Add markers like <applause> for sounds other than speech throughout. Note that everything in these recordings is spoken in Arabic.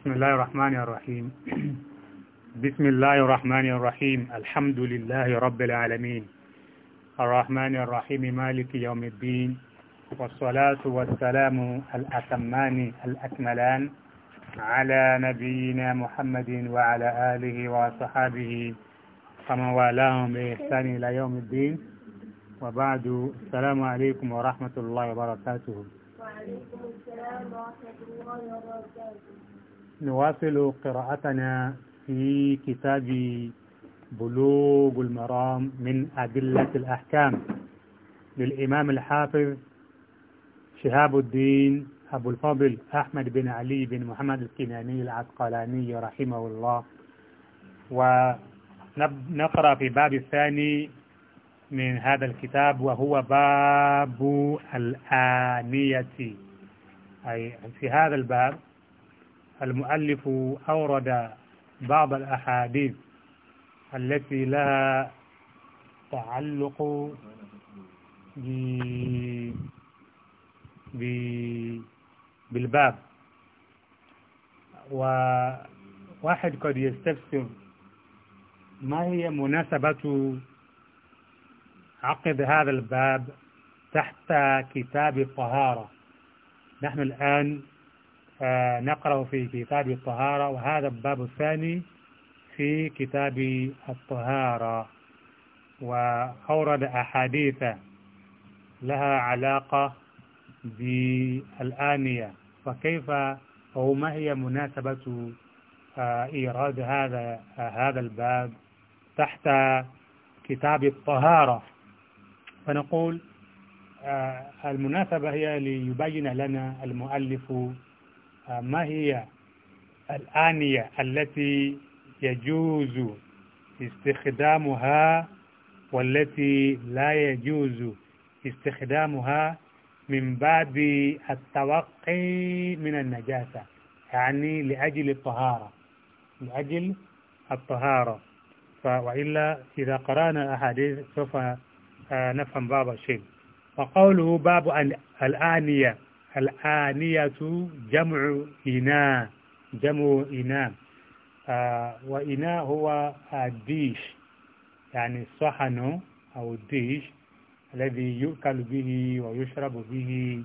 بسم الله الرحمن الرحيم <clears throat> بسم الله الرحمن الرحيم الحمد لله رب العالمين الرحمن الرحيم مالك يوم الدين والصلاة والسلام الأتمان الأكملان على نبينا محمد وعلى آله وصحابه ومن والاهم بإحسان إلى يوم الدين وبعد السلام عليكم ورحمة الله وبركاته وعليكم السلام ورحمة الله وبركاته نواصل قراءتنا في كتاب بلوغ المرام من أدلة الأحكام للإمام الحافظ شهاب الدين أبو الفضل أحمد بن علي بن محمد الكناني العسقلاني رحمه الله ونقرأ في باب الثاني من هذا الكتاب وهو باب الآنية أي في هذا الباب المؤلف أورد بعض الأحاديث التي لها تعلق ب... ب... بالباب وواحد قد يستفسر ما هي مناسبة عقد هذا الباب تحت كتاب الطهارة نحن الآن نقرأ في كتاب الطهارة وهذا الباب الثاني في كتاب الطهارة وأورد أحاديث لها علاقة بالآنية فكيف أو ما هي مناسبة آه، إيراد هذا آه، هذا الباب تحت كتاب الطهارة فنقول آه، المناسبة هي ليبين لنا المؤلف ما هي الآنية التي يجوز استخدامها والتي لا يجوز استخدامها من باب التوقي من النجاسة يعني لأجل الطهارة لأجل الطهارة وإلا إذا قرأنا الأحاديث سوف آه، نفهم بعض الشيء وقوله باب الآنية الآنية جمع إناء جمع إناء آه وإناء هو الديش يعني الصحن أو الديش الذي يؤكل به ويشرب به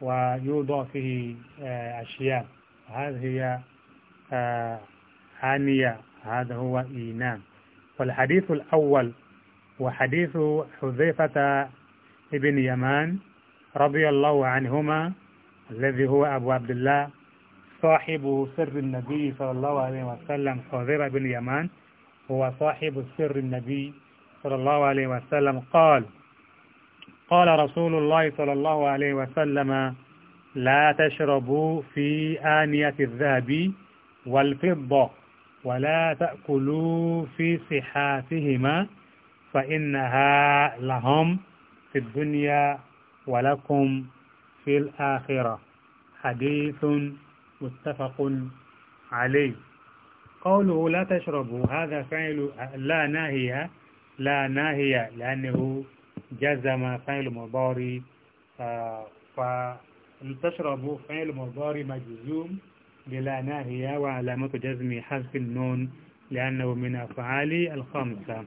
ويوضع فيه آه أشياء هذه هي آه آنية هذا هو إناء والحديث الأول وحديث حذيفة ابن يمان رضي الله عنهما الذي هو أبو عبد الله صاحب سر النبي صلى الله عليه وسلم حذيرة بن يمان هو صاحب سر النبي صلى الله عليه وسلم قال قال رسول الله صلى الله عليه وسلم لا تشربوا في آنية الذهب والفضة ولا تأكلوا في صحافهما فإنها لهم في الدنيا ولكم في الآخرة حديث متفق عليه قوله لا تشربوا هذا فعل لا ناهية لا ناهية لأنه جزم فعل مضاري فتشربوا فعل مضاري مجزوم بلا ناهية وعلامة جزم حذف النون لأنه من أفعال الخمسة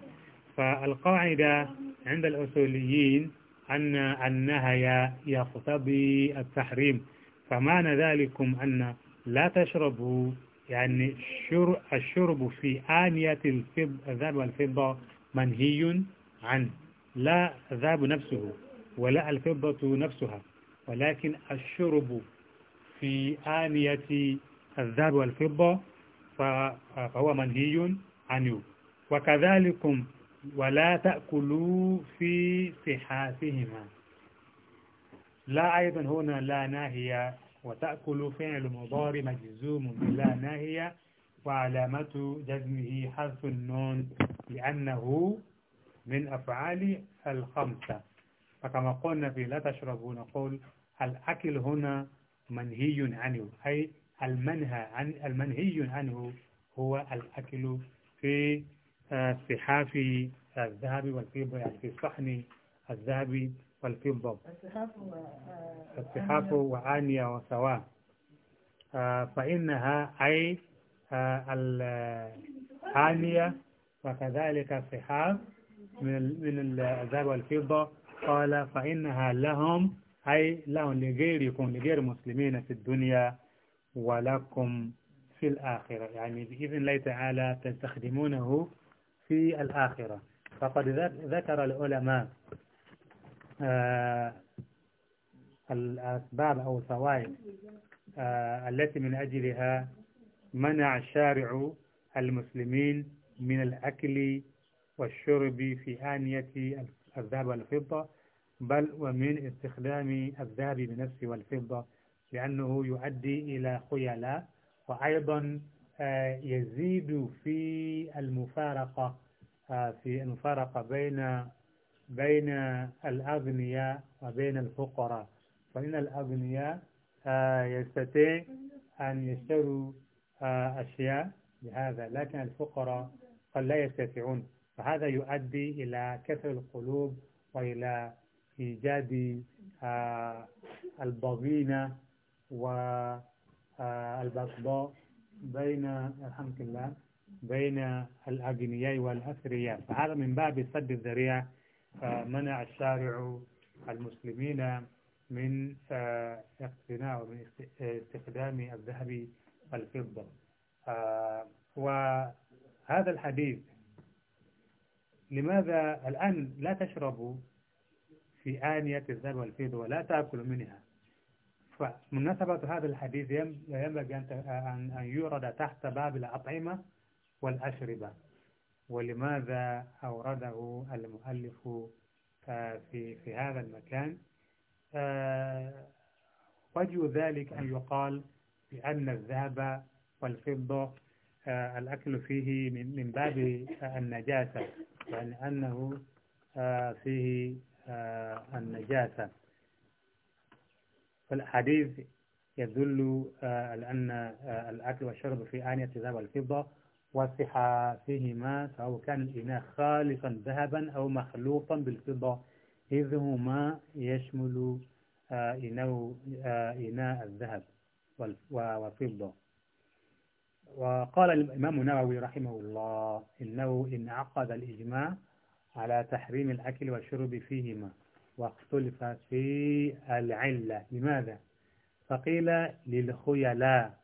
فالقاعدة عند الأصوليين أن النهي يقتضي التحريم فمعنى ذلكم أن لا تشربوا يعني الشرب في آنية الذهب والفضة منهي عنه لا الذهب نفسه ولا الفضة نفسها ولكن الشرب في آنية الذهب والفضة فهو منهي عنه وكذلكم ولا تأكلوا في صحافهما لا أيضا هنا لا ناهية وتأكل فعل مضارع مجزوم بلا ناهية وعلامة جزمه حرف النون لأنه من أفعال الخمسة فكما قلنا في لا تشربوا نقول الأكل هنا منهي عنه أي المنهى عن المنهي عنه هو الأكل في في حافي الذهبي والفضة يعني في صحن الذهبي والفضة الصحاف وعانية وسواء آه، فإنها أي آه، العانية وكذلك الصحاف من الذهب والفضة قال فإنها لهم أي لهم لغيركم لغير المسلمين في الدنيا ولكم في الآخرة يعني بإذن الله تعالى تستخدمونه في الآخرة فقد ذكر العلماء آه، الأسباب أو الفوائد آه، التي من أجلها منع شارع المسلمين من الأكل والشرب في آنية الذهب والفضة بل ومن استخدام الذهب بنفسه والفضة لأنه يؤدي إلى خيلاء وأيضا آه، يزيد في المفارقة آه، في المفارقة بين بين الأغنياء وبين الفقراء فإن الأغنياء آه، يستطيع أن يشتروا أشياء بهذا لكن الفقراء قد لا يستطيعون فهذا يؤدي إلى كسر القلوب وإلى إيجاد البغينة والبغضاء بين الحمد لله بين الأغنياء والأثرياء فهذا من باب سد الذريعة فمنع الشارع المسلمين من آه، اقتناء ومن استخدام الذهب والفضة آه، وهذا الحديث لماذا الآن لا تشربوا في آنية الذهب والفضة ولا تأكلوا منها فمناسبة هذا الحديث ينبغي أن يورد تحت باب الأطعمة والأشربة ولماذا أورده المؤلف في في هذا المكان آه، وجه ذلك أن يقال بأن الذهب والفضة آه، الأكل فيه من باب النجاسة يعني أنه آه، فيه النجاسة فالحديث يدل آه، على أن آه، الأكل والشرب في آنية الذهب والفضة وصح فيهما سواء كان الإناء خالصا ذهبا أو مخلوطا بالفضة إذ هما يشمل آه، إناء الذهب والفضة وقال الإمام النووي رحمه الله إنه إن عقد الإجماع على تحريم الأكل والشرب فيهما واختلف في العلة لماذا فقيل للخيلاء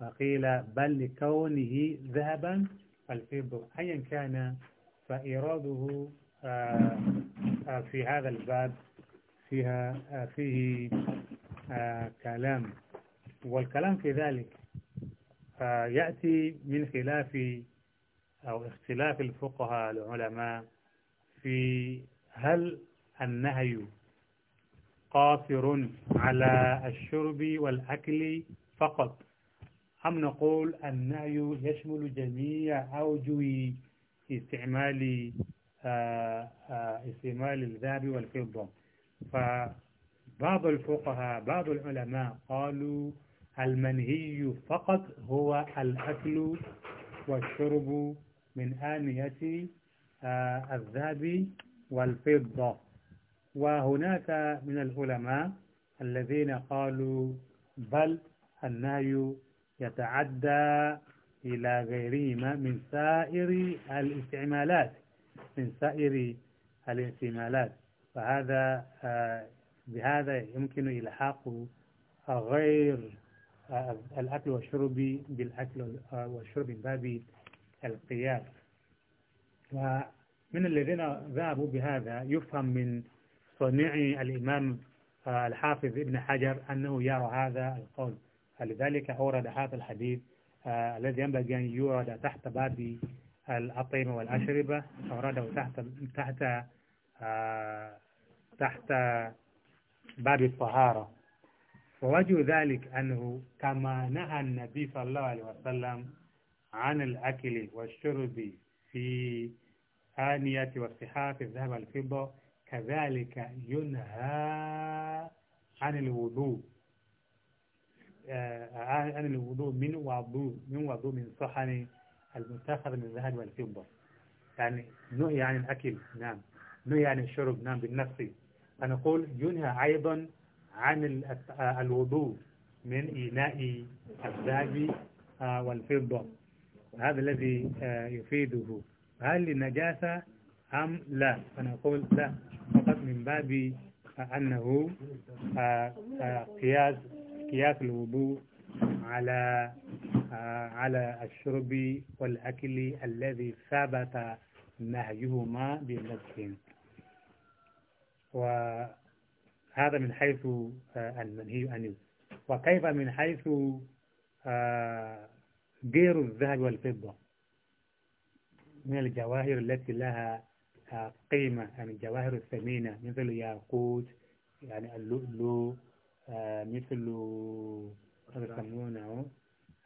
وقيل بل لكونه ذهبا فالفضة أيا كان فإراده آه، آه، في هذا الباب فيها آه، فيه كلام والكلام في ذلك يأتي من خلاف أو اختلاف الفقهاء العلماء في هل النهي قاصر على الشرب والأكل فقط أم نقول النهي يشمل جميع أوجه استعمال آه، آه، استعمال الذهب والفضة فبعض الفقهاء بعض العلماء قالوا المنهي فقط هو الأكل والشرب من آنية آه، الذهب والفضة وهناك من العلماء الذين قالوا بل النهي يتعدى إلى غيرهما من سائر الاستعمالات من سائر الاستعمالات فهذا آه، بهذا يمكن إلحاق غير آه، الأكل والشرب بالأكل آه، والشرب من باب القياس ومن الذين ذهبوا بهذا يفهم من صنيعي الإمام آه، الحافظ ابن حجر أنه يرى هذا القول فلذلك أورد هذا الحديث آه، الذي ينبغي أن يورد تحت باب الأطعمة والأشربة أورده تحت تحت آه، تحت باب الطهارة ووجه ذلك أنه كما نهى النبي صلى الله عليه وسلم عن الأكل والشرب في آنية والصحاف الذهب والفضة كذلك ينهى عن الوضوء آه، عن الوضوء من وضوء من وضوء من صحن المتخذ من الذهب والفضة يعني نهي عن الأكل نعم نهي عن الشرب نعم بالنفس فنقول ينهى أيضا عن آه، الوضوء من إناء الذهب آه، والفضة هذا الذي يفيده هل النجاسة أم لا فنقول لا فقط من باب أنه آه، آه، قياس قياس الوضوء على آه، على الشرب والأكل الذي ثبت نهيهما بالنسبة وهذا من حيث المنهي عنه وكيف من حيث غير الذهب والفضة من الجواهر التي لها قيمة يعني الجواهر الثمينة مثل ياقوت يعني اللؤلؤ آه، مثل ما نعم. يسمونه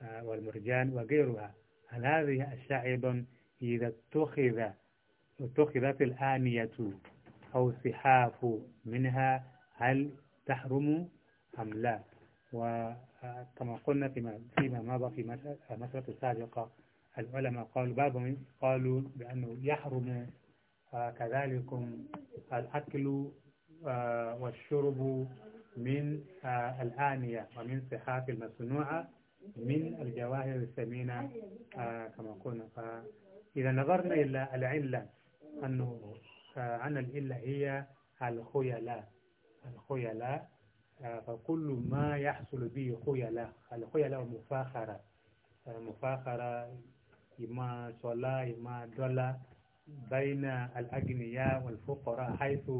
آه، والمرجان وغيرها هل هذه الأشياء أيضا إذا اتخذ اتخذت الآنية أو السحاف منها هل تحرم أم لا وكما آه، قلنا فيما, فيما مضى في المسألة السابقة العلماء قالوا بعضهم قالوا بأنه يحرم كذلك الأكل آه، والشرب من آه، الآنية ومن صحاف المصنوعة من الجواهر الثمينة آه، كما قلنا فإذا نظرنا إلى العلة أنه عن الإلة هي الخيلاء الخيلاء فكل ما يحصل به خيلاء الخيلاء مفاخرة مفاخرة إما صلاة إما دولة بين الأغنياء والفقراء حيث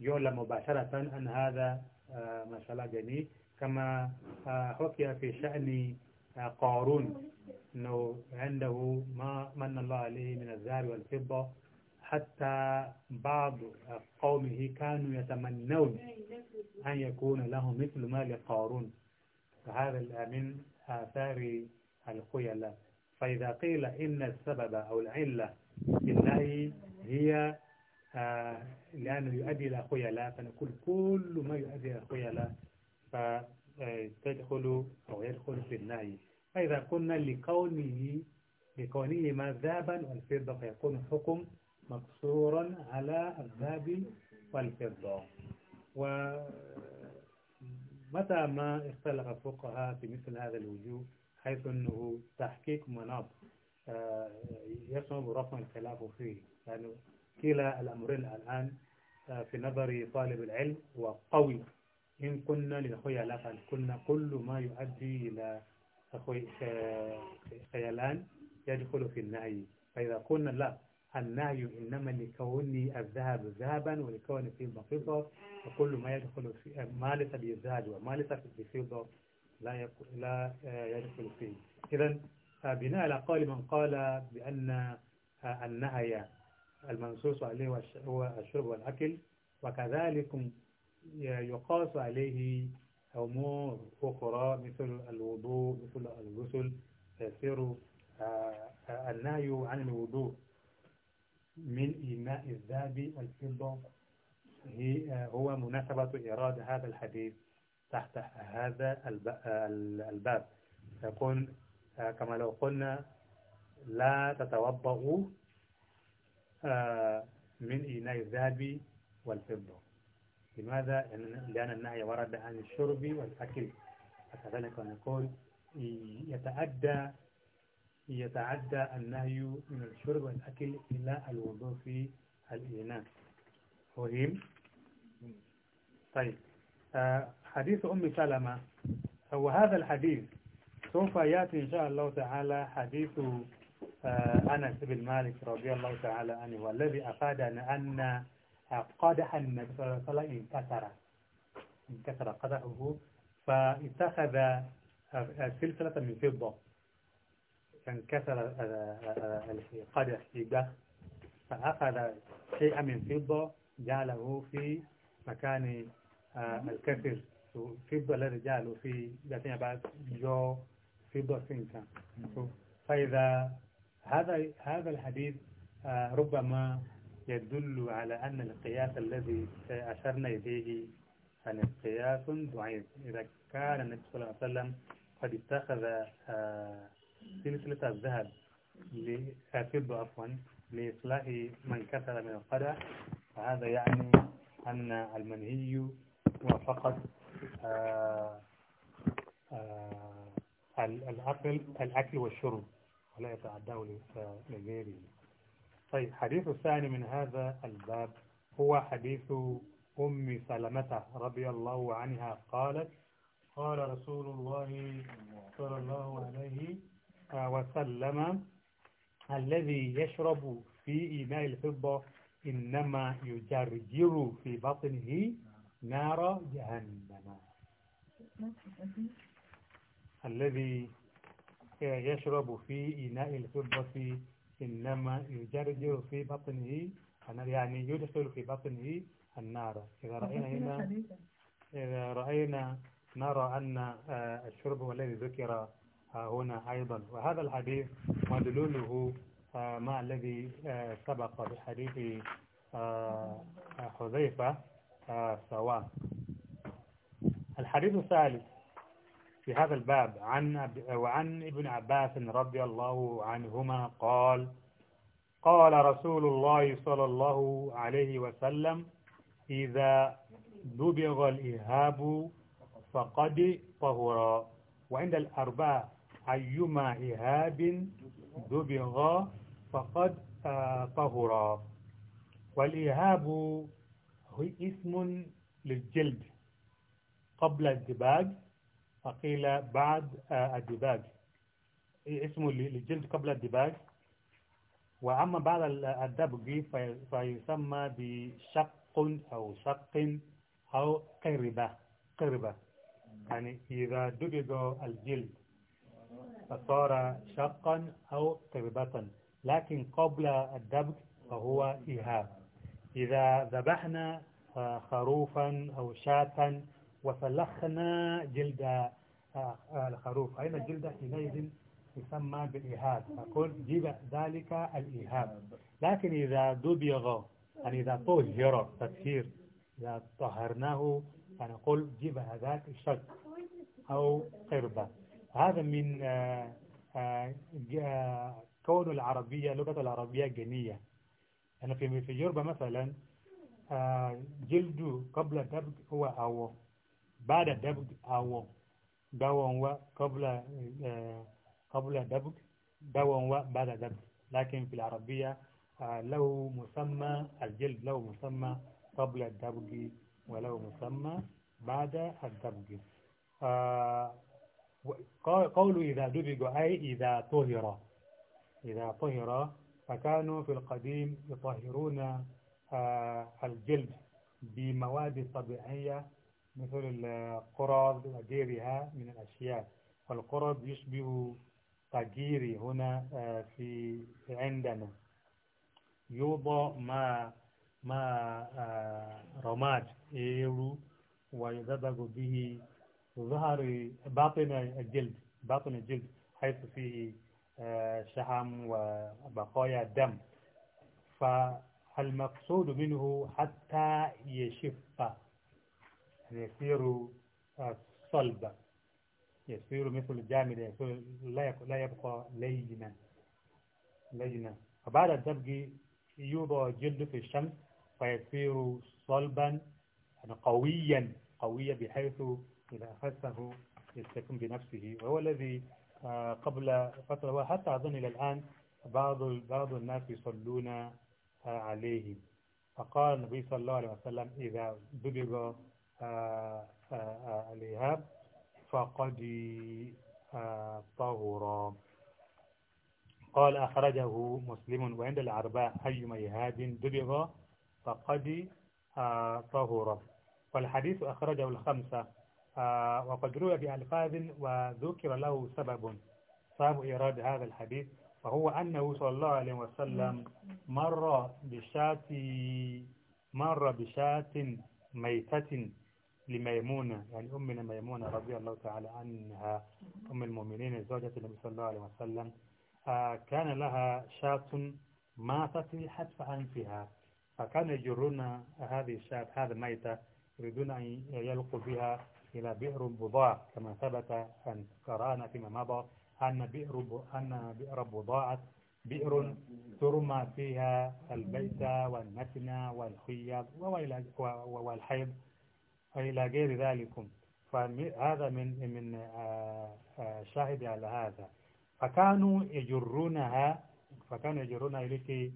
يعلم مباشرة أن هذا آه، ما شاء الله جميل كما آه، حكي في شأن آه، قارون أنه عنده ما من الله عليه من الذهب والفضة حتى بعض قومه كانوا يتمنون أن يكون لهم مثل ما لقارون فهذا من آثار الخيلاء فإذا قيل إن السبب أو العلة بالله هي آه، لأنه يؤدي إلى خيلاء فنقول كل ما يؤدي إلى خيلاء فتدخل آه، أو يدخل في النهي فإذا قلنا لكونه لكونه ما ذهبا والفضة فيكون الحكم مقصورا على الذهب والفضة ومتى ما اختلف الفقهاء في مثل هذا الوجوه حيث أنه تحقيق مناط آه، يصعب رفع الخلاف فيه لأنه يعني كلا الأمرين الآن آه، في نظر طالب العلم وقوي إن كنا لخيالات كنا كل ما يؤدي إلى خيالان يدخل في النهي فإذا قلنا لا النهي إنما لكون الذهب ذهبا ولكون في فضة فكل ما يدخل في ما ليس بالذهب وما ليس بالفضة لا لا آه، يدخل فيه إذا بناء على قول من قال بأن النهي المنصوص عليه هو الشرب والأكل وكذلك يقاس عليه أمور أخرى مثل الوضوء مثل الغسل يصير آه، آه، النهي عن الوضوء من إيماء الذهب والفضة آه، هو مناسبة إرادة هذا الحديث تحت هذا الباب يقول كما لو قلنا لا تتوضأ آه، من إناء الذهب والفضة لماذا؟ لأن النهي ورد عن الشرب والأكل فكذلك نقول يتعدى يتعدى النهي من الشرب والأكل إلى الوضوء في الإناء فهم؟ طيب آه، حديث أم سلمة هو هذا الحديث سوف يأتي إن شاء الله تعالى حديث آه، أنس بن مالك رضي الله تعالى عنه والذي أفادنا أن آه، قدح النبي صلى الله عليه وسلم انكسر انكسر قدحه فاتخذ آه، سلسلة من فضة فانكسر القدح في ده فأخذ شيئا من فضة جعله في مكان الكسر الفضة الذي جعله في بعد في ضعف إنسان فإذا هذا هذا الحديث آه، ربما يدل على أن القياس الذي أشرنا إليه أن قياس ضعيف إذا كان النبي صلى الله عليه وسلم قد اتخذ آه، سلسلة الذهب لفضة عفوا لإصلاح من كثر من القدع فهذا يعني أن المنهي هو فقط آآ آه، آآ الأكل الأكل والشرب ولا يتعداه لغيره طيب حديث الثاني من هذا الباب هو حديث أم سلمة رضي الله عنها قالت قال رسول الله صلى الله عليه وسلم الذي يشرب في إناء الفضة إنما يجرجر في بطنه نار جهنم الذي يشرب في إناء الفضة إنما يجرجر في بطنه يعني يدخل في بطنه النار إذا رأينا هنا إذا رأينا نرى أن آه، الشرب هو الذي ذكر آه، هنا أيضا وهذا الحديث مدلوله آه، ما الذي سبق بحديث حذيفة سواء الحديث الثالث في هذا الباب عن وعن ابن عباس رضي الله عنهما قال قال رسول الله صلى الله عليه وسلم إذا دبغ الإهاب فقد طهر وعند الاربع أيما إهاب دبغ فقد آه، طهر والإهاب هو اسم للجلد قبل الدباج فقيل بعد آه، الدباج إيه اسمه للجلد قبل الدباج وأما بعد الدبج فيسمى بشق أو شق أو قربة قربة يعني إذا دبج الجلد فصار شقا أو قربة لكن قبل الدبج فهو إهاب إذا ذبحنا آه، خروفا أو شاة وسلخنا جلد آه، الخروف فإن الجلد حينئذ يسمى بالإيهاب أقول جيب ذلك الإيهاب لكن إذا دبغ يعني إذا طهر تطهير إذا طهرناه فنقول يعني جيب هذاك الشك أو قربة هذا من آه، آه، كون العربية لغة العربية جنية أنا يعني في في جربة مثلا جلد قبل دبغ هو أو بعد الدبج أو دوا قبل آه، قبل دبج و بعد دبج لكن في العربية آه، له مسمى الجلد له مسمى قبل الدبج وله مسمى بعد الدبج آه، قول إذا دبج أي إذا طهر إذا طهر فكانوا في القديم يطهرون الجلد بمواد طبيعية مثل القرض وغيرها من الأشياء والقرض يشبه تجيري هنا آه، في عندنا يوضع ما ما آه، رماد إيرو ويضبط به ظهر باطن الجلد باطن الجلد حيث فيه آه، شحم وبقايا دم فالمقصود منه حتى يشف يصير آه، صلبا يصير مثل الجامد يصير لا يبقى لينا لينا فبعد الدبغ يوضع جلد في الشمس فيصير صلبا يعني قويا قويا بحيث إذا أخذته يستقيم بنفسه وهو الذي آه، قبل فترة وحتى أظن إلى الآن بعض بعض الناس يصلون آه، عليه فقال النبي صلى الله عليه وسلم إذا دبغ الإيهاب فقد طهر قال أخرجه مسلم وعند العرباء أيما إيهاب دبغ فقد طهر والحديث أخرجه الخمسة وقد روي بألفاظ وذكر له سبب سبب إيراد هذا الحديث وهو أنه صلى الله عليه وسلم مر بشاة مر بشاة ميتة لميمونة يعني أمنا ميمونة رضي الله تعالى عنها أم المؤمنين زوجة النبي صلى الله عليه وسلم آه، كان لها شاة ماتت حتف أنفها فكانوا يجرون هذه الشاة هذا ميتة يريدون أن يلقوا بها إلى بئر بضاع كما ثبت أن قرأنا فيما مضى أن بئر أن بئر بضاعة بئر ترمى فيها البيت والمتنة والحيض والحيض وإلى غير ذلك فهذا من من آه، آه، شاهد على هذا فكانوا يجرونها فكانوا يجرونها آه، لكي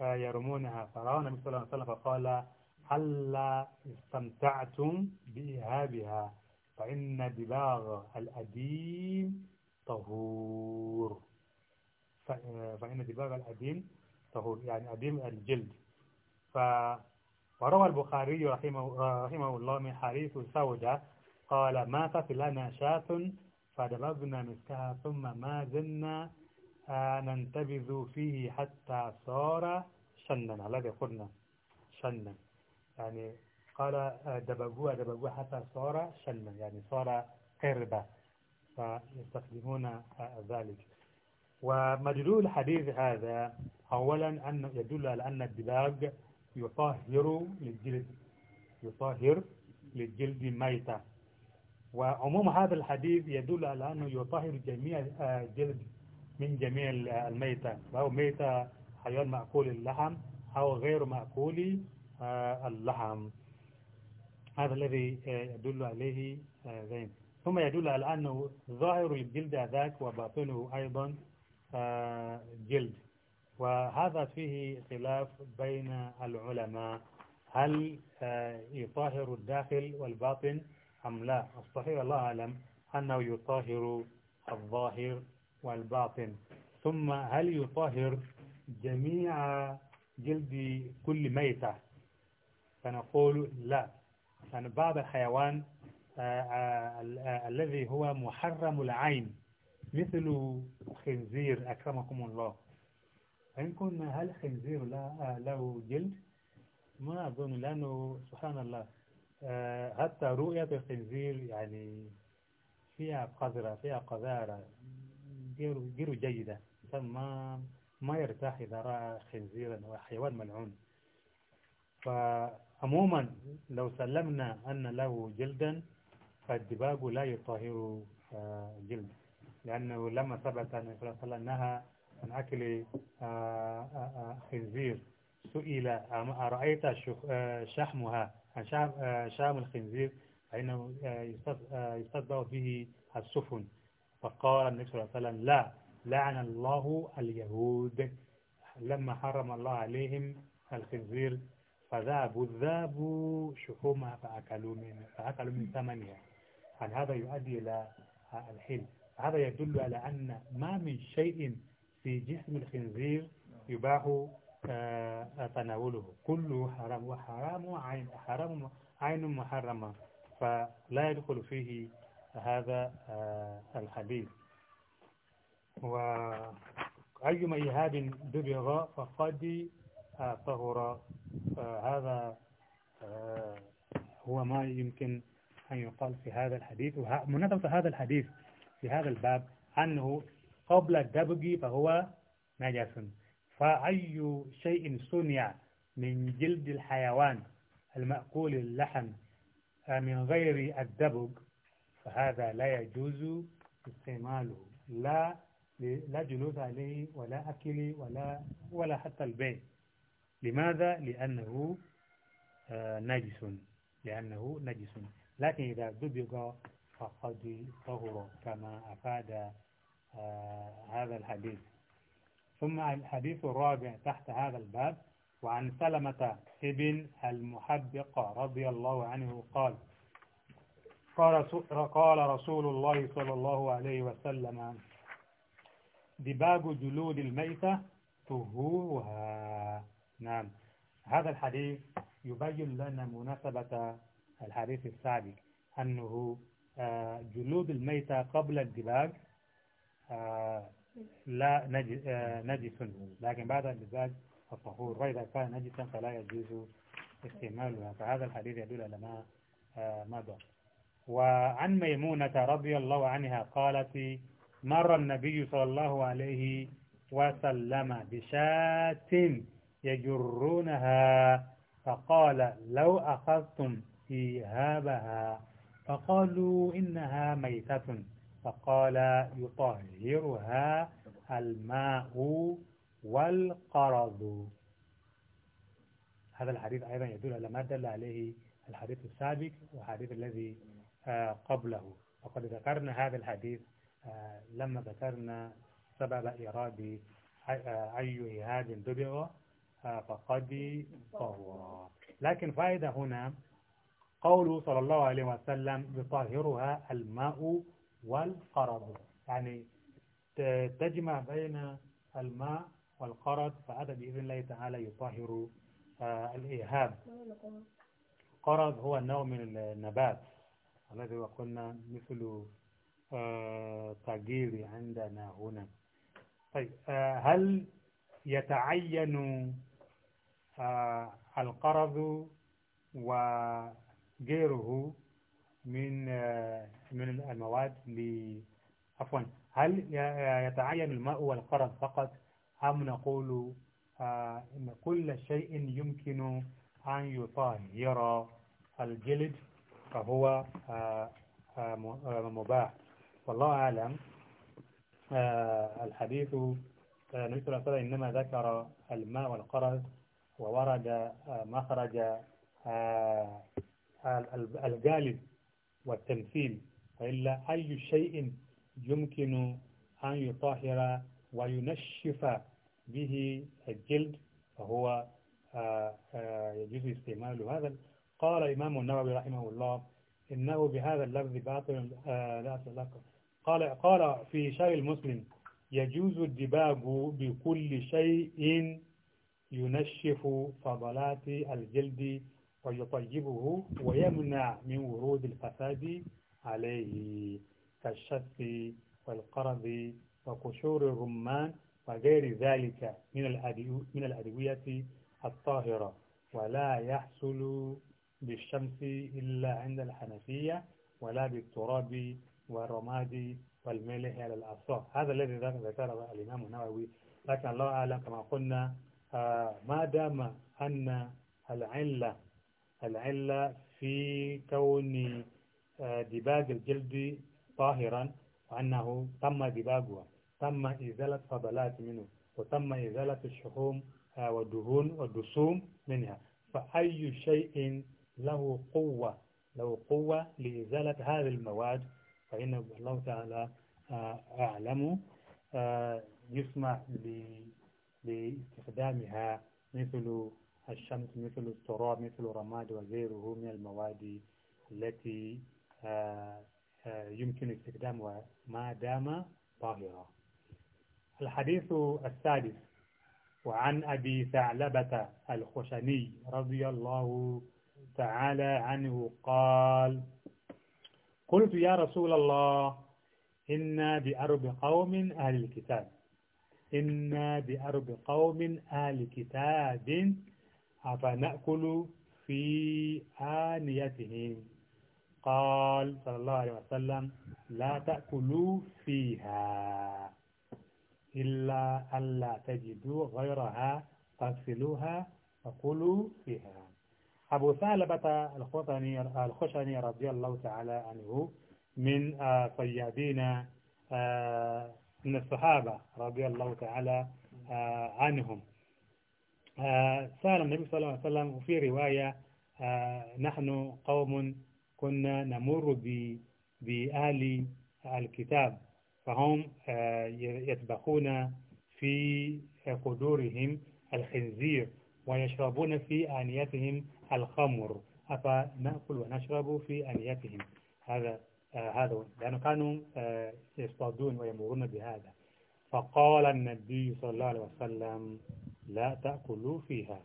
يرمونها فرعون النبي صلى الله عليه وسلم فقال هلا استمتعتم بإهابها فإن دباغ الأديم طهور فإن دباغ الأديم طهور يعني أديم الجلد ف وروى البخاري رحمه, رحمه الله من حديث سودة قال ماتت لنا شاة فدببنا مسكها ثم ما زلنا آه، ننتبذ فيه حتى صار شنا الذي قلنا شنا يعني قال آه، دببوها دببوها حتى صار شنا يعني صار قربة فيستخدمون آه، ذلك ومدلول الحديث هذا أولا أن يدل على أن الدباغ يطهر للجلد يطهر للجلد ميتا وعموم هذا الحديث يدل على أنه يطهر جميع الجلد آه، من جميع آه، الميتة أو ميتة حيوان مأكول اللحم أو غير مأكول آه، اللحم هذا الذي يدل عليه زين ثم يدل على أنه ظاهر الجلد ذاك وباطنه أيضا جلد وهذا فيه خلاف بين العلماء هل آه، يطهر الداخل والباطن أم لا الصحيح الله أعلم أنه يطهر الظاهر والباطن ثم هل يطهر جميع جلد كل ميتة فنقول لا يعني بعض الحيوان آه، آه، الذي هو محرم العين مثل خنزير أكرمكم الله فإن كنا هل خنزير آه، له جلد ما أظن لأنه سبحان الله آه، حتى رؤية الخنزير يعني فيها قذرة فيها قذارة غير جيدة ما ما يرتاح إذا رأى خنزيرا وحيوان ملعون فعموما لو سلمنا أن له جلدا فالدباغ لا يطهر آه، جلد لأنه لما ثبت أن صلى الله عليه وسلم نهى عن أكل آه، آه، آه، خنزير سئل أرأيت شحمها عن شحم الخنزير فإنه يستطبع به السفن فقال النبي صلى الله عليه وسلم لا لعن الله اليهود لما حرم الله عليهم الخنزير فذابوا ذابوا شحومها فأكلوا من فأكلوا من ثمنها هذا يؤدي إلى الحل هذا يدل على أن ما من شيء في جسم الخنزير يباح آه، تناوله كله حرام وحرام عين حرام عين محرمة فلا يدخل فيه هذا آه، الحديث وأيما يهاب ببغاء فقد آه، طهر هذا هو ما يمكن أن يقال في هذا الحديث ومناسبة هذا الحديث في هذا الباب أنه قبل الدبغ فهو نجس فأي شيء صنع من جلد الحيوان المأكول اللحم من غير الدبغ فهذا لا يجوز استعماله لا لا جلوس عليه ولا أكل ولا ولا حتى البيع لماذا؟ لأنه آه، نجس لأنه نجس لكن إذا دبغ فقد طهر كما أفاد آه، هذا الحديث ثم الحديث الرابع تحت هذا الباب وعن سلمة ابن المحبق رضي الله عنه قال قال رسول الله صلى الله عليه وسلم دباغ جلود الميتة تهوها نعم هذا الحديث يبين لنا مناسبة الحديث السابق أنه آه، جلود الميتة قبل الدباغ آه، لا نجس آه، لكن بعد المزاج الطهور وإذا كان نجسا فلا يجوز استعمالها فهذا الحديث يدل على ما آه، مضى وعن ميمونة رضي الله عنها قالت مر النبي صلى الله عليه وسلم بشاة يجرونها فقال لو أخذتم إيهابها فقالوا إنها ميتة فقال يطهرها الماء والقرض هذا الحديث أيضا يدل على ما دل عليه الحديث السابق والحديث الذي آه، قبله وقد ذكرنا هذا الحديث آه، لما ذكرنا سبب إيراد آه، أي إهاد دبغ فقد طهر لكن فائدة هنا قوله صلى الله عليه وسلم يطهرها الماء والقرض يعني تجمع بين الماء والقرض فهذا بإذن الله تعالى يطهر آه، الايهام قرض هو النوع من النبات الذي وقلنا مثل آه، تغيير عندنا هنا طيب آه، هل يتعين القرض وغيره من آه، من المواد ل عفوا هل يتعين الماء والقرن فقط أم نقول آه، إن كل شيء يمكن أن يطهر الجلد فهو آه، مباح والله أعلم الحديث النبي صلى الله عليه وسلم إنما ذكر الماء والقرز وورد مخرج الجالب والتمثيل وإلا أي شيء يمكن أن يطهر وينشف به الجلد فهو آه، آه، يجوز استعمال هذا قال الإمام النووي رحمه الله إنه بهذا اللفظ باطل آه، لا لكم قال قال في شر المسلم يجوز الدباغ بكل شيء ينشف فضلات الجلد ويطيبه ويمنع من ورود الفساد عليه كالشف والقرض وقشور الرمان وغير ذلك من الأدوية الطاهرة ولا يحصل بالشمس إلا عند الحنفية ولا بالتراب والرماد والملح على الأصح هذا الذي ذكره الإمام النووي لكن الله أعلم كما قلنا آه، ما دام أن العلة العلة في كون آه، دباغ الجلد طاهرا وأنه تم دباغها تم إزالة فضلات منه وتم إزالة الشحوم آه، والدهون والدسوم منها فأي شيء له قوة له قوة لإزالة هذه المواد فإن الله تعالى آه، أعلم يسمح باستخدامها مثل الشمس مثل التراب مثل الرماد وغيره من المواد التي آه، آه، يمكن استخدامها ما دام طاهرة الحديث السادس وعن أبي ثعلبة الخشني رضي الله تعالى عنه قال قلت يا رسول الله إنا بأرب قوم أهل الكتاب إنا بأرب قوم أهل كتاب أفنأكل في آنيتهم قال صلى الله عليه وسلم لا تأكلوا فيها إلا ألا تجدوا غيرها فاغسلوها وكلوا فيها أبو ثعلبة الخشني رضي الله تعالى عنه من آه، صيادين آه، من الصحابة رضي الله تعالى آه، عنهم آه، سأل النبي صلى الله عليه وسلم وفي رواية آه، نحن قوم كنا نمر بأهل الكتاب فهم آه، يطبخون في قدورهم الخنزير ويشربون في آنيتهم الخمر أفنأكل ونشرب في آنيتهم هذا هذا لأنه كانوا يصطادون ويمرون بهذا فقال النبي صلى الله عليه وسلم لا تأكلوا فيها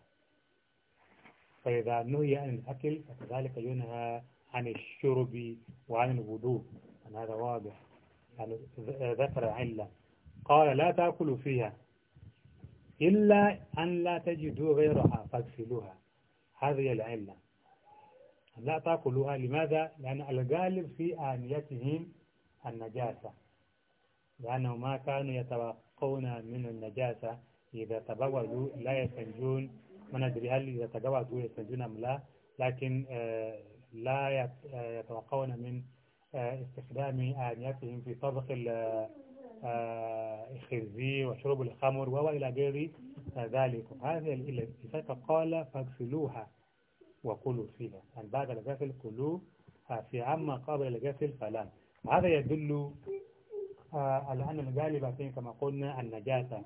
فإذا نهي عن الأكل فكذلك ينهى عن الشرب وعن الوضوء هذا واضح يعني ذكر علة قال لا تأكلوا فيها إلا أن لا تجدوا غيرها فاغسلوها هذه العلة لا تأكلوها آه، لماذا؟ لأن الغالب في آنيتهم النجاسة لأنهم ما كانوا يتوقون من النجاسة إذا تبوزوا لا يستنجون ما ندري هل إذا تجاوزوا يستنجون أم لا لكن آه، لا آه، يتوقعون من آه، استخدام آنياتهم في طبخ الخرزي وشرب الخمر وإلى غير ذلك هذه الإلة قال فاغسلوها وكلوا فيها أن بعد الغسل كلوا في عما قبل الغسل فلا هذا يدل على أن الغالبة كما قلنا النجاسة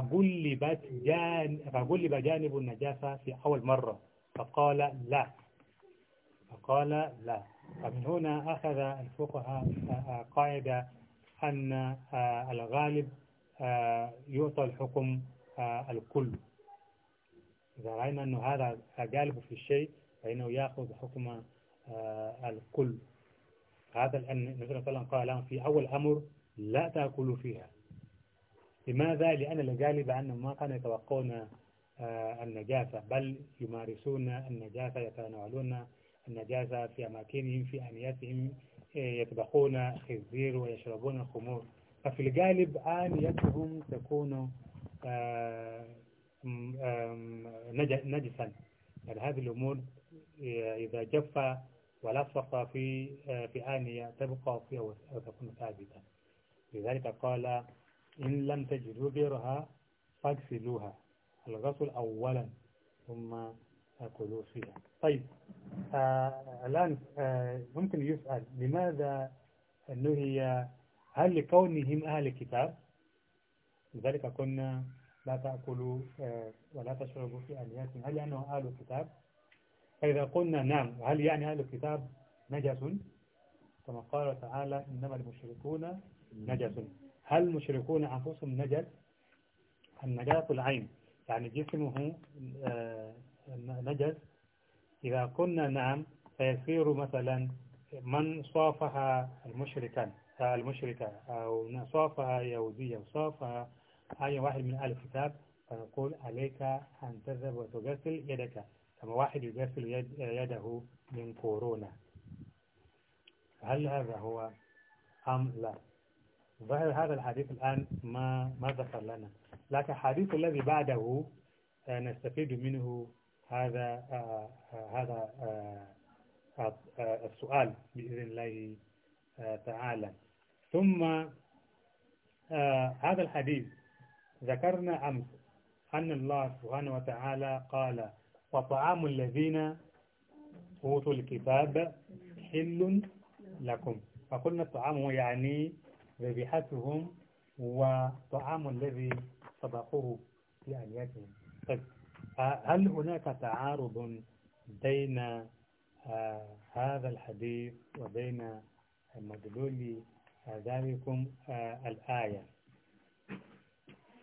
فجلبت جان فجلب جانب النجاسة في أول مرة فقال لا فقال لا فمن هنا أخذ الفقهاء آه، قاعدة أن آه، الغالب آه، يعطى الحكم الكل إذا رأينا أن هذا غالب في الشيء فإنه يأخذ حكم الكل هذا لأن النبي صلى الله عليه وسلم قال في أول أمر لا تأكلوا فيها لماذا؟ لأن الغالب أنهم ما كانوا يتوقعون آه، النجاسة بل يمارسون النجاسة يتناولون النجاسة في أماكنهم في أنياتهم آه، يطبخون خنزير ويشربون الخمور ففي الغالب آنيتهم تكون آه، نجسا يعني هذه الأمور إذا جف ولصق في في آنية تبقى فيها وتكون ثابتة لذلك قال إن لم تجدوا غيرها فاغسلوها الغسل أولا ثم أكلوا فيها طيب آه الآن آه ممكن يسأل لماذا نهي هل لكونهم أهل الكتاب لذلك كنا لا تأكلوا آه ولا تشربوا في ألياتهم هل لأنهم يعني أهل الكتاب فإذا قلنا نعم هل يعني أهل الكتاب نجس كما قال تعالى إنما المشركون نجس هل المشركون أنفسهم نجس النجاة العين يعني جسمه آه، نجس إذا قلنا نعم فيصير مثلا من صافها المشركا آه، المشركة أو صافها يهودية صافها أي واحد من أهل الكتاب فنقول عليك أن تذهب وتغسل يدك كما واحد يغسل يده من كورونا هل هذا هو أم لا؟ ظاهر هذا الحديث الآن ما ما ذكر لنا لكن الحديث الذي بعده آه، نستفيد منه هذا آه، آه، هذا السؤال بإذن الله تعالى ثم هذا الحديث ذكرنا أمس أن الله سبحانه وتعالى قال وطعام الذين أوتوا الكتاب حل لكم فقلنا الطعام يعني ذبيحتهم وطعام الذي صدقوه في أنيتهم طيب هل هناك تعارض بين آه، هذا الحديث وبين مدلول ذلكم آه، الآية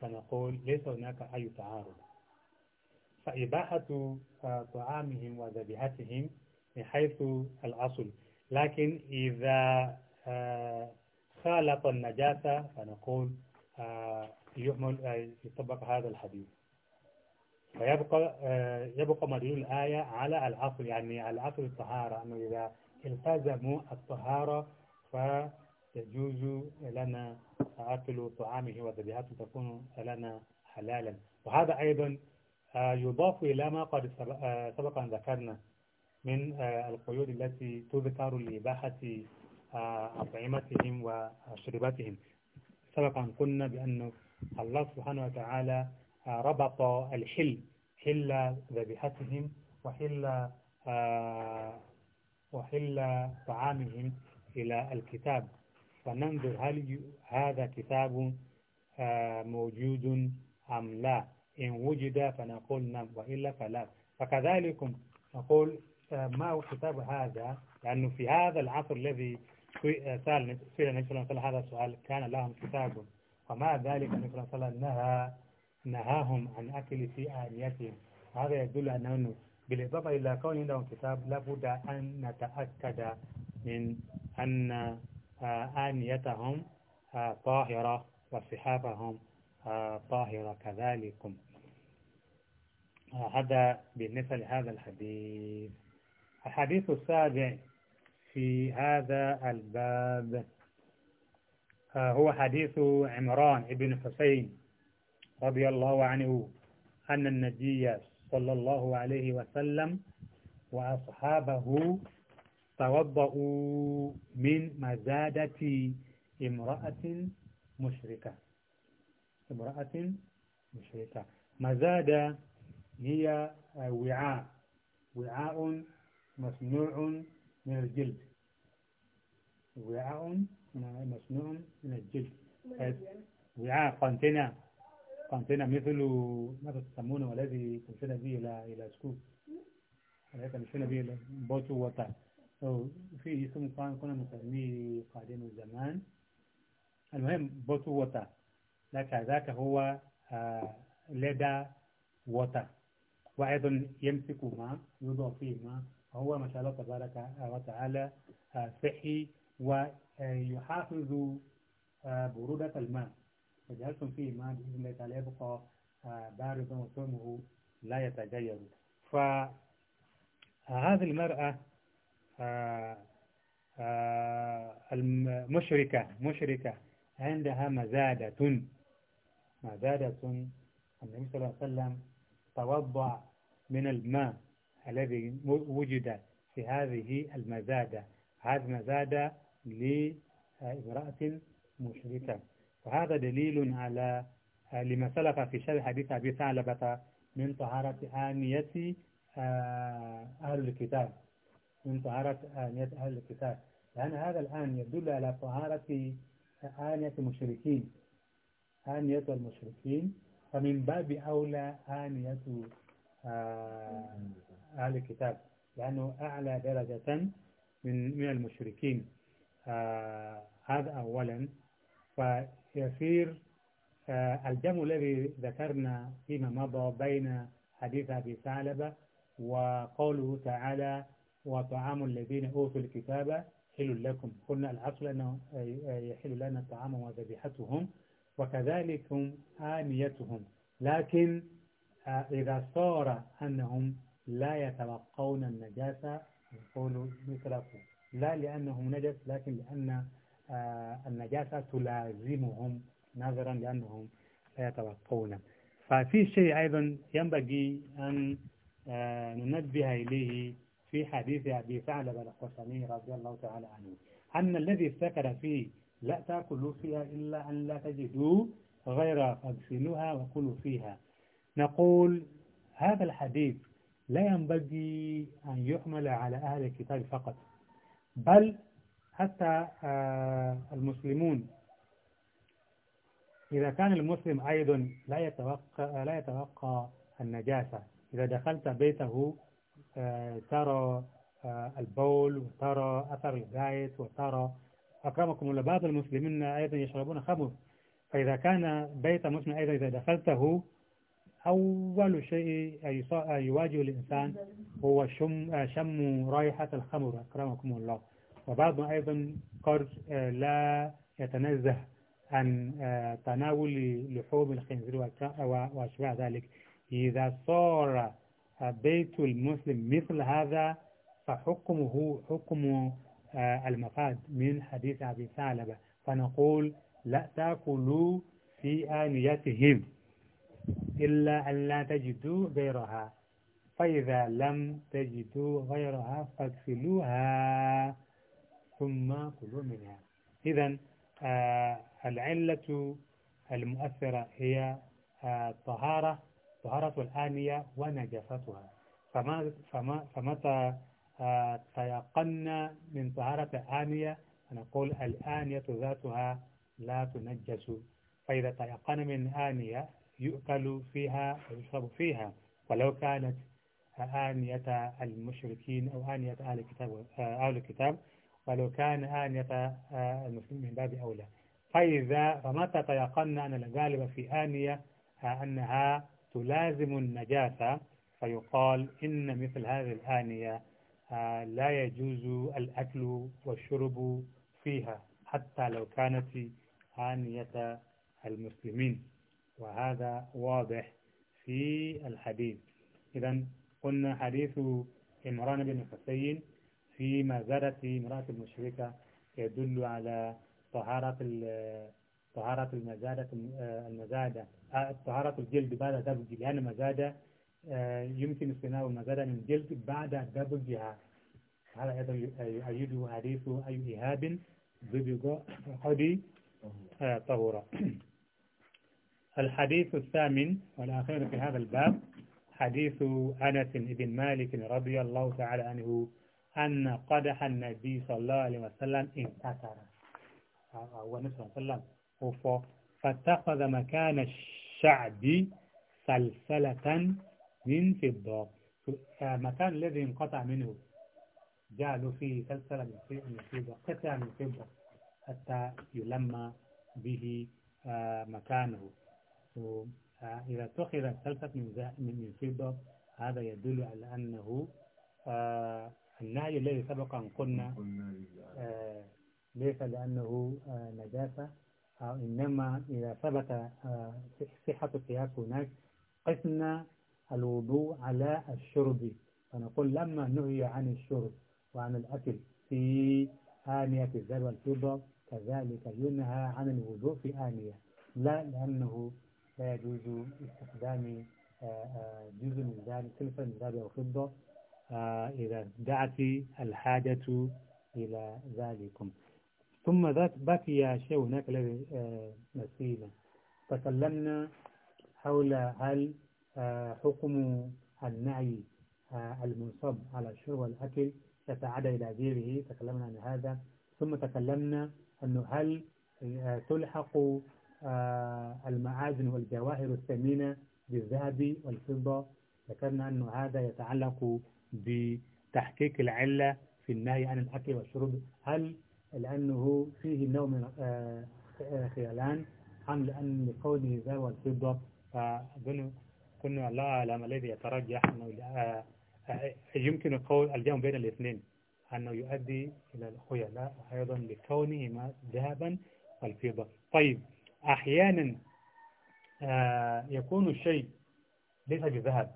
فنقول ليس هناك أي تعارض فإباحة آه، طعامهم وذبيحتهم من حيث الأصل لكن إذا خالط النجاسة فنقول آه، يحمل آه، يطبق هذا الحديث فيبقى آه، يبقى مدلول الآية على الأصل يعني الأصل الطهارة أنه إذا التزموا الطهارة فيجوز لنا أكل طعامه وذبيحته تكون لنا حلالا وهذا أيضا يضاف إلى ما قد سبق أن ذكرنا من القيود التي تذكر لإباحة أطعمتهم وشرباتهم سبق أن قلنا بأن الله سبحانه وتعالى ربط الحل حل ذبيحتهم وحل وحل طعامهم إلى الكتاب فننظر هل هذا كتاب آه، موجود أم لا إن وجد فنقول نعم وإلا فلا فكذلك نقول آه، ما هو كتاب هذا لأنه في هذا العصر الذي سأل النبي صلى الله عليه هذا السؤال كان لهم كتاب وما ذلك النبي صلى الله عليه نهى نهاهم عن أكل في آنيتهم هذا يدل أنه بالإضافة إلى كون عندهم كتاب لابد أن نتأكد من أن آه، آنيتهم آه، طاهرة وصحافهم آه، طاهرة كذلك هذا بالنسبة لهذا الحديث الحديث السابع في هذا الباب آه، هو حديث عمران بن حسين رضي الله عنه أن النبي صلى الله عليه وسلم وأصحابه توضأوا من مزادة امرأة مشركة امرأة مشركة مزادة هي وعاء وعاء مصنوع من الجلد وعاء مصنوع من الجلد طيب. وعاء قنتنا قنتنا مثل ماذا تسمونه والذي تمشون به إلى إلى سكوب هذا تمشون به إلى بوتو وطن في اسم كنا نسميه قديم الزمان المهم بوتو وطا لكن ذاك هو آه، لدى وطا وأيضا يمسك ما يوضع فيه ما هو ما شاء الله تبارك وتعالى آه، صحي ويحافظ آه، برودة الماء فجعلتم فيه ماء بإذن الله تعالى يبقى آه، باردا وطعمه لا يتغير فهذه المرأة المشركة مشركة عندها مزادة مزادة النبي صلى الله عليه وسلم توضع من الماء الذي وجد في هذه المزادة هذه مزادة لامرأة مشركة وهذا دليل على لما سلف في شرح حديث أبي ثعلبة من طهارة آنية آه، أهل الكتاب من طهارة آنية أهل الكتاب لأن هذا الآن يدل على طهارة آنية المشركين آنية المشركين فمن باب أولى آنية آه أهل الكتاب لأنه أعلى درجة من من المشركين آه هذا أولا فيصير آه الجمع الذي ذكرنا فيما مضى بين حديث أبي ثعلبة وقوله تعالى وطعام الذين أوتوا الكتاب حل لكم قلنا الأصل أنه آه، يحل لنا الطعام وذبيحتهم وكذلك آنيتهم لكن آه، إذا صار أنهم لا يتلقون النجاسة يقول يطلق لا لأنهم نجس لكن لأن آه، النجاسة تلازمهم نظرا لأنهم لا يتلقون ففي شيء أيضا ينبغي أن آه، ننبه إليه في حديث أبي ثعلب الخشني رضي الله تعالى عنه أن الذي افتكر فيه لا تأكلوا فيها إلا أن لا تجدوا غير فاغسلوها وكلوا فيها نقول هذا الحديث لا ينبغي أن يحمل على أهل الكتاب فقط بل حتى آه، المسلمون إذا كان المسلم أيضا لا يتوقع, لا يتوقع النجاسة إذا دخلت بيته آه، ترى آه، البول وترى أثر الغائط وترى أكرمكم الله بعض المسلمين أيضا يشربون خمر فإذا كان بيت مسلم أيضا إذا دخلته أول شيء يواجه الإنسان هو شم, شم رائحة الخمر أكرمكم الله وبعضهم أيضا قد آه، لا يتنزه عن آه، تناول لحوم الخنزير وأشباه ذلك إذا صار بيت المسلم مثل هذا فحكمه حكم آه، المفاد من حديث أبي ثعلبة فنقول لا تأكلوا في آنيتهم إلا أن لا تجدوا غيرها فإذا لم تجدوا غيرها فاغسلوها ثم كلوا منها إذا آه العلة المؤثرة هي آه طهارة الآنية ونجاستها فما فما فمتى آه تيقنا من طهارة الآنية نقول الآنية ذاتها لا تنجس فإذا تيقنا من آنية يؤكل فيها ويشرب فيها ولو كانت آنية المشركين أو آنية أهل الكتاب أهل الكتاب ولو كان آنية آه، المسلمين من باب أولى فإذا فمتى تيقنا أن الغالب في آنية آه، أنها تلازم النجاسة فيقال إن مثل هذه الآنية آه، لا يجوز الأكل والشرب فيها حتى لو كانت آنية المسلمين وهذا واضح في الحديث إذا قلنا حديث عمران بن حسين في مزارة امرأة المشركة يدل على طهارة طهارة المزادة آه، المزادة آه، طهارة الجلد بعد دبج لأن مزادة آه، يمكن استثناء المزادة من الجلد بعد دبجها هذا أيضا يؤيد حديث أي إهاب ضد قد طهورة الحديث الثامن والأخير في هذا الباب حديث أنس بن مالك رضي الله تعالى عنه أن قدح النبي صلى الله عليه وسلم انتثر هو النبي صلى الله عليه وسلم فاتخذ مكان الشعب سلسلة من فضة المكان الذي انقطع منه جعلوا فيه سلسلة من فضة قطع من فضة حتى يلمى به آه، مكانه فإذا اتخذ السلسف من من فضة هذا يدل على أنه آه، النهي الذي سبق أن قلنا آه، ليس لأنه آه، نجاسة أو إنما إذا ثبت صحة القياس هناك قسنا الوضوء على الشرب فنقول لما نهي عن الشرب وعن الأكل في آنية الذهب والفضة كذلك ينهى عن الوضوء في آنية لا لأنه لا يجوز استخدام آه، آه، جزء من ذهب سلفا من ذهب أو فضة آه، إذا دعت الحاجة إلى ذلكم ثم ذات بقي شيء هناك الذي نسينا تكلمنا حول هل حكم النعي المنصب على الشرب والأكل يتعدى إلى غيره تكلمنا عن هذا ثم تكلمنا أنه هل تلحق آه، المعادن والجواهر الثمينة بالذهب والفضة ذكرنا أن هذا يتعلق بتحقيق العلة في النهي عن الأكل والشرب هل لأنه فيه نوع من آه، خيالان أم لأن كونه الذهب والفضة فأظن كنا لا أعلم الذي يترجح أنه آه، يمكن القول الجمع بين الاثنين أنه يؤدي إلى الخيلاء أيضا لكونهما ذهبا والفضة طيب أحيانا آه، يكون الشيء ليس بذهب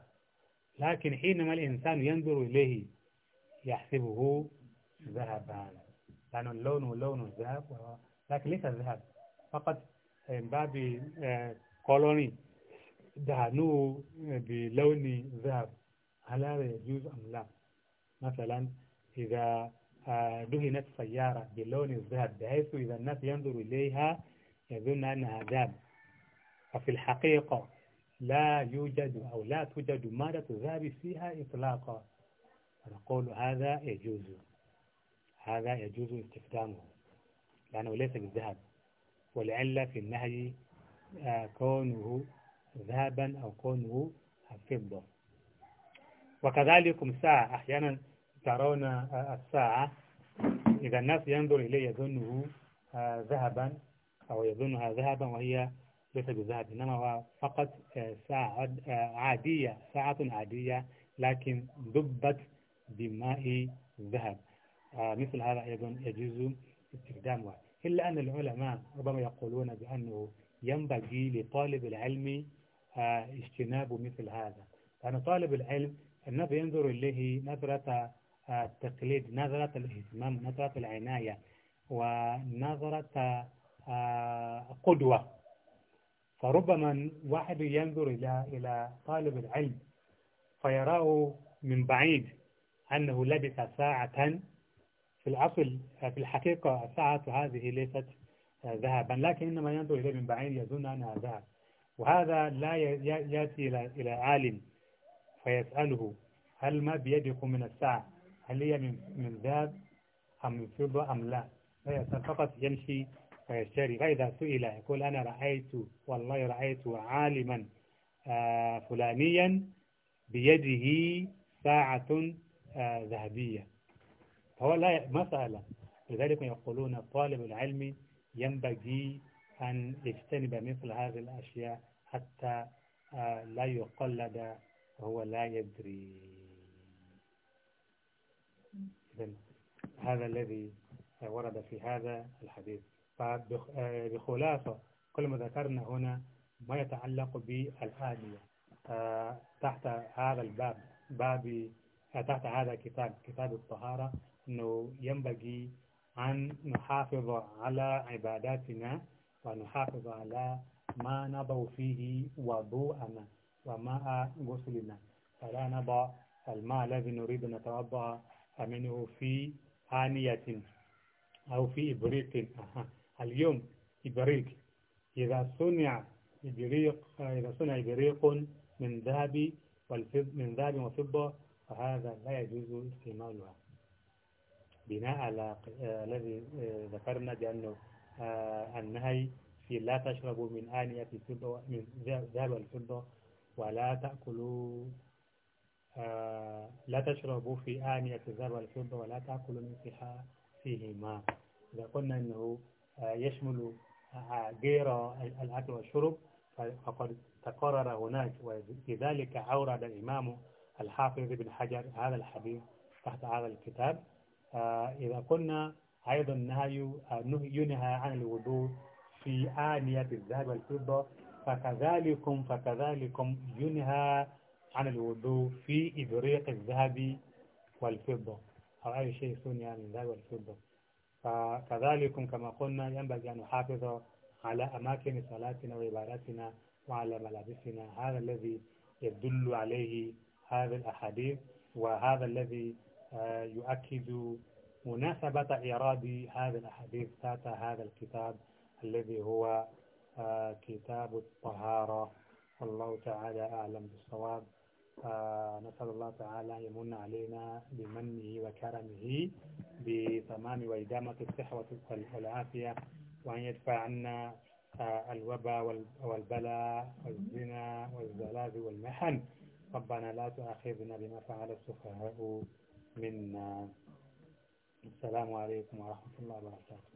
لكن حينما الإنسان ينظر إليه يحسبه ذهبا لأن اللون لون الذهب لكن ليس الذهب فقط من باب كولوني آه، دهنوه بلون ذهب هل هذا يجوز أم لا مثلا إذا آه، دهنت سيارة بلون الذهب بحيث إذا الناس ينظر إليها يظن أنها ذاب وفي الحقيقة لا يوجد أو لا توجد مادة ذاب فيها إطلاقا نقول هذا يجوز هذا يجوز استخدامه لأنه ليس بالذهب ولعل في النهي آه، كونه ذهبا أو كونه فضة وكذلك ساعة أحيانا ترون آه، الساعة إذا الناس ينظر إليه يظنه آه، ذهبا أو يظنها ذهبا وهي ليس بذهب إنما هو فقط آه، ساعة آه، عادية ساعة عادية لكن ذبت بماء ذهب آه، مثل هذا أيضا يجوز استخدامها إلا أن العلماء ربما يقولون بأنه ينبغي لطالب العلم اجتناب مثل هذا لأن طالب العلم النبي ينظر إليه نظرة التقليد نظرة الاهتمام نظرة العناية ونظرة قدوة فربما واحد ينظر إلى إلى طالب العلم فيراه من بعيد أنه لبث ساعة في الأصل في الحقيقة الساعة هذه ليست ذهبا لكن إنما ينظر إليه من بعيد يظن أنها ذهب وهذا لا يأتي إلى إلى عالم فيسأله هل ما بيدكم من الساعة هل هي من من ذهب أم من فضة أم لا؟ لا فقط يمشي فيشتري فإذا سئل يقول أنا رأيت والله رأيت عالما آه، فلانيا بيده ساعة آه، ذهبية فهو لا مسألة لذلك يقولون طالب العلم ينبغي أن يجتنب مثل هذه الأشياء حتى آه، لا يقلد وهو لا يدري هذا الذي ورد في هذا الحديث فبخلاصة آه، كل ما ذكرنا هنا ما يتعلق بالآلية آه، تحت هذا الباب باب آه، تحت هذا الكتاب كتاب الطهارة أنه ينبغي أن نحافظ على عباداتنا ونحافظ على ما نضع فيه وضوءنا وماء غسلنا فلا نضع الماء الذي نريد أن نتوضأ منه في آنية أو في إبريق <laughs> اليوم إبريق إذا صنع إبريق إذا صنع إبريق من ذهب والفض من ذهب وفضة فهذا لا يجوز استعمالها بناء على آه، الذي آه، ذكرنا بأنه آه، النهي في لا تشربوا من آنية الفضة من ذهب والفضة ولا تأكلوا لا تشربوا في آنية الذهب والفضة ولا تأكلوا من فيها فيهما إذا قلنا أنه يشمل غير الأكل والشرب فقد تقرر هناك ولذلك أورد الإمام الحافظ بن حجر هذا الحديث تحت هذا الكتاب آه، إذا قلنا أيضا نهي ينهى عن الوضوء في آنية الذهب والفضة فكذلكم فكذلكم ينهى عن الوضوء في إبريق الذهب والفضة أو أي شيء ثاني عن الذهب والفضة فكذلك كما قلنا ينبغي أن نحافظ على أماكن صلاتنا وعباداتنا وعلى ملابسنا هذا الذي يدل عليه هذا الأحاديث وهذا الذي آه، يؤكد مناسبة إيراد هذا الأحاديث ذات هذا الكتاب الذي هو آه، كتاب الطهارة والله تعالى أعلم بالصواب فنسأل الله تعالى يمن علينا بمنه وكرمه بتمام وإدامة الصحة والعافية وأن يدفع عنا آه، الوباء والبلاء والزنا والزلازل والمحن ربنا لا تؤاخذنا بما فعل السفهاء منا السلام عليكم ورحمة الله وبركاته